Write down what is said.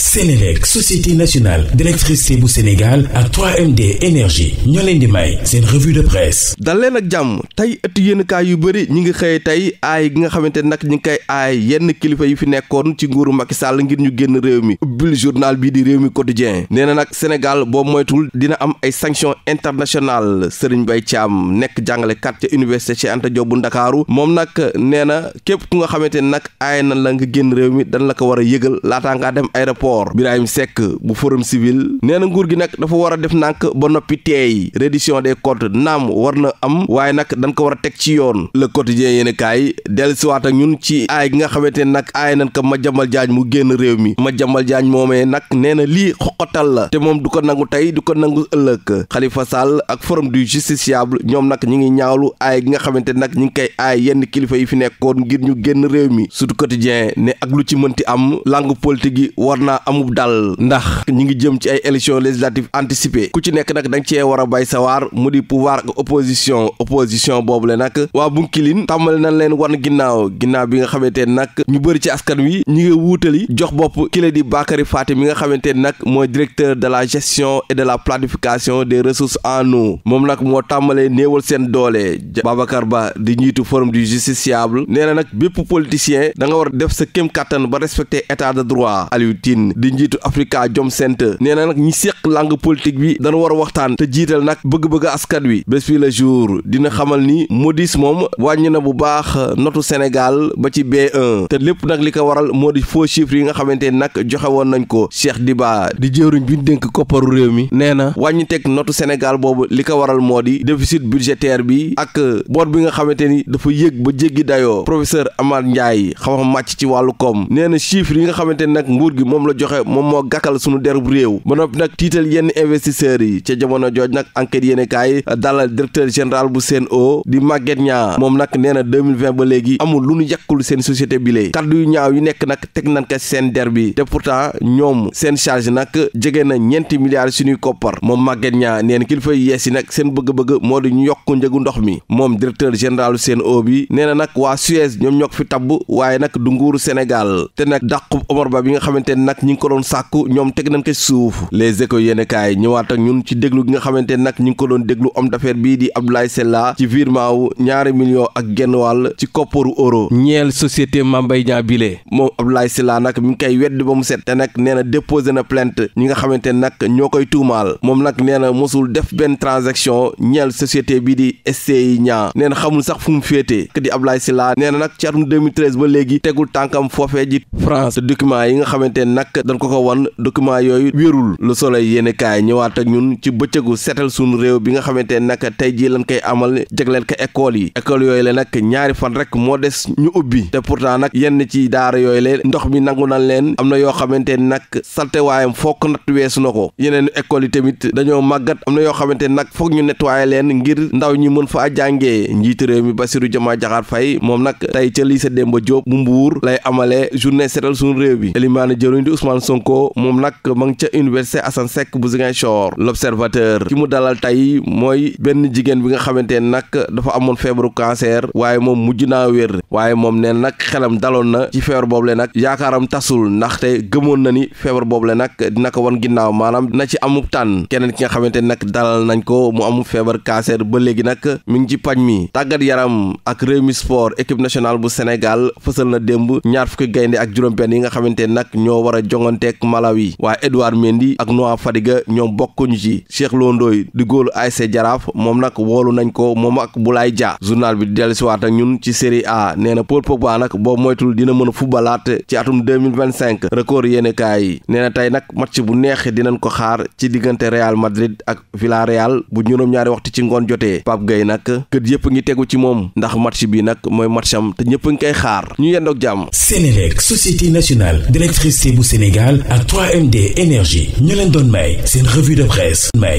Sénélec société nationale d'électricité bu Sénégal ak 3MD énergie ñoo leen di may seen revue de presse dal leen ak jàmm tey ëtt yéenekaay yu bëri ñi ngi xëye tey aay gi nga xamante nag ñi ngi koy aay yenn kilifa yi fi nekkoon ci nguuru Macky Sall ngir ñu génn réew mi ubbil journal bii di réew mi quotidien nee na nag Sénégal boo moytul dina am ay sanctions internationales Serigne Mbaye Thiam nekk jàngalekat ca université Cheikh Anta Diop bu Ndakaaru moom nag nee na képp ku nga xamante nag aay na la génn réew mi dan la ko war a yëgal laataa sport Birahim Seck bu forum civil nee na nguur gi nag dafa war a def nànk ba noppi teey reddition des comptes naam war na am waaye nag dañ ko war a teg ci yoon le quotidien yéen kaay dellusiwaat ak ñun ci aay gi nga xamante ne nag aay nañ ko Madiambal Diagne mu génn réew mi ma Madiambal Diagne moomee nag nee na lii xoqatal la te moom du ko nangu tey du ko nangu ëllëg Khalifa Sall ak forum du justiciable ñoom nag ñu ngi ñaawlu aay gi nga xamante nag ñi ngi koy aay yenn kilifa yi fi nekkoon ngir ñu génn réew mi daa amub dal ndax ñi ngi jëm ci ay élection législative anticipée ku ci nekk nag dañ cee war a bay sawaar mu di pouvoir ak opposition opposition boobu le nag waa Bunkilin tàmbale nañ leen wan ginnaaw ginnaaw bi nga xamante ne nag ñu bëri ci askan wi ñi ngi wuutali jox bopp kile di Bakary Fatim mi nga xamante ne nag mooy directeur de la gestion et de la planification des ressources en eau moom nag moo tàmbalee néewal seen doole Babacar Ba di njiitu forum du justiciable nee na nag bépp politicien da nga war def sa kéem kattan ba respecter état de droit Aliou Tine Sène di njiitu Africa Jom Center nee na nag ñi séq langue politique bi dana war a waxtaan te jiital nag bëgg-bëgg askan wi bés bi la jour dina xamal ni Moody's moom wàññi na bu baax notu Sénégal ba ci B1 te lépp nag li ko waral moo di faux chiffres yi nga xamante ni nag joxe woon nañ ko Cheikh Diba di jëwriñ bi dénk kopparu réew mi nee na wàññi teg notu Sénégal boobu li ko waral moo di déficit budgétaire bi ak boor bi nga xamante ni dafa yëg ba jéggi dayoo professeur Amath Ndiaye xam-xam màcc ci wàllu koom nee na chiffres yi nga xamante ni nag nguur gi moom la joxe moom moo gàkkal suñu derub réew ba noppi nag tiital yenn investisseurs yi ca jamono jooj nag enquête yéen kaay dalal directeur général bu Sen'Eau di Maguette Niang moom nag nee na 2020 ba léegi amul lu ñu yàqul seen société bi lee kaddu yu ñaaw yu nekk nag teg nañ ko seen der bi te pourtant ñoom seen charge nag jege na ñeenti milliards suñuy koppar moom Maguette Niang nee na kilifa yi yees yi nag seen bëgg-bëgg moo di ñu yokk njëgu ndox mi moom directeur général bu Sen'Eau bi nee na nag waa Suez ñoom ñoo ko fi tabb waaye nag du nguuru Sénégal te nag dàqub Omar Ba bi nga xamante ne nag ñi ngi ko doon sàkku ñoom teg nañ suuf les échos yéen kaay ñëwaat ak ñun ci déglu gi nga xamante nag ñi ngi ko doon déglu homme d'affaires bii di Abdoulaye Sylla ci virement wu ñaari millions ak genn wàll ci kopparu euro ñeel société Mame Mbaye bile moom Abdoulaye Sylla nag mi ngi koy wedd ba mu set te nag nee na déposé na plainte ñi nga xamante nag ñoo koy tuumaal moom nag nee na mosul def benn transaction ñeel société bii di SCI Niang nee na xamul sax fu mu féetee di Abdoulaye Sylla nee na nag ci atum 2013 ba léegi tegul tànkam foofee ji France document yi nga xamante nag nag ko ko wan document yooyu wérul lu soleil yéene kaay ñëwaat ak ñun ci bëccëgu seetal sunu réew bi nga xamante ne nag tey jii lañ koy amal jagleel ko école yi école yooyu la nag ñaari fan rek moo des ñu ubbi te pourtant nag yenn ci daara yooyu la ndox mi nangu nañ leen am na yoo xamante ne nag saltewaayam fokk natt weesu na ko yeneen école yi tamit dañoo màggat am na yoo xamante ne nag foog ñu nettoyer leen ngir ndaw ñi mën fa faa jàngee njiitu réew mi Bassirou Diomaye Diakhar Faye moom nag tey ca lycée Demba Diop Mbuur lay amalee journée seetal suñu réew Ousmane Sonko moom nag ma ngi ca université Assane Seck bu Ziguinchor l'observateur ki mu dalal tey mooy benn jigéen bi nga xamante ne nag dafa amoon feebaru cancer waaye moom mujj naa wér waaye moom neen nag xelam daloon na ci feebar boobu le nag yaakaaram tasul ndaxte gëmoon na ni feebar boobu le nag dina ko wan ginnaaw maanaam na ci amub tànn keneen ki nga xamante ne nag dalal nañ ko mu amu feebar cancer ba léegi nag mi ngi ci paj mi tàggat yaram ak Rewmi Sport équipe nationale bu Sénégal fësal na démb ñaar fukki ak juróom-benn yi nga xamante a jonganteek Malawi waaye Edouard Mendy ak Noah Fadiga ñoom bokkuñu ci Cheikh Londoy di góolu ASC Jaraaf moom nag woolu nañ ko moom ak bu Boulaye Dia journal bi dellusiwaat ak ñun ci Série A nee na Paul Pogba nag boo moytul dina mën a fubalaat ci atum 2025 record yéenekaay yi nee na tey nag match bu neex dinañ ko xaar ci diggante Real Madrid ak Villarreal bu juróom-ñaari waxtu ci ngoon jotee Pape gay nag kët yëpp ngi tegu ci moom ndax match bi nag mooy matcham te ñëpp ngi koy xaar ñu yendoog jàmm Sénégal ak 3MD énergie ñu leen doon may seen revue de presse may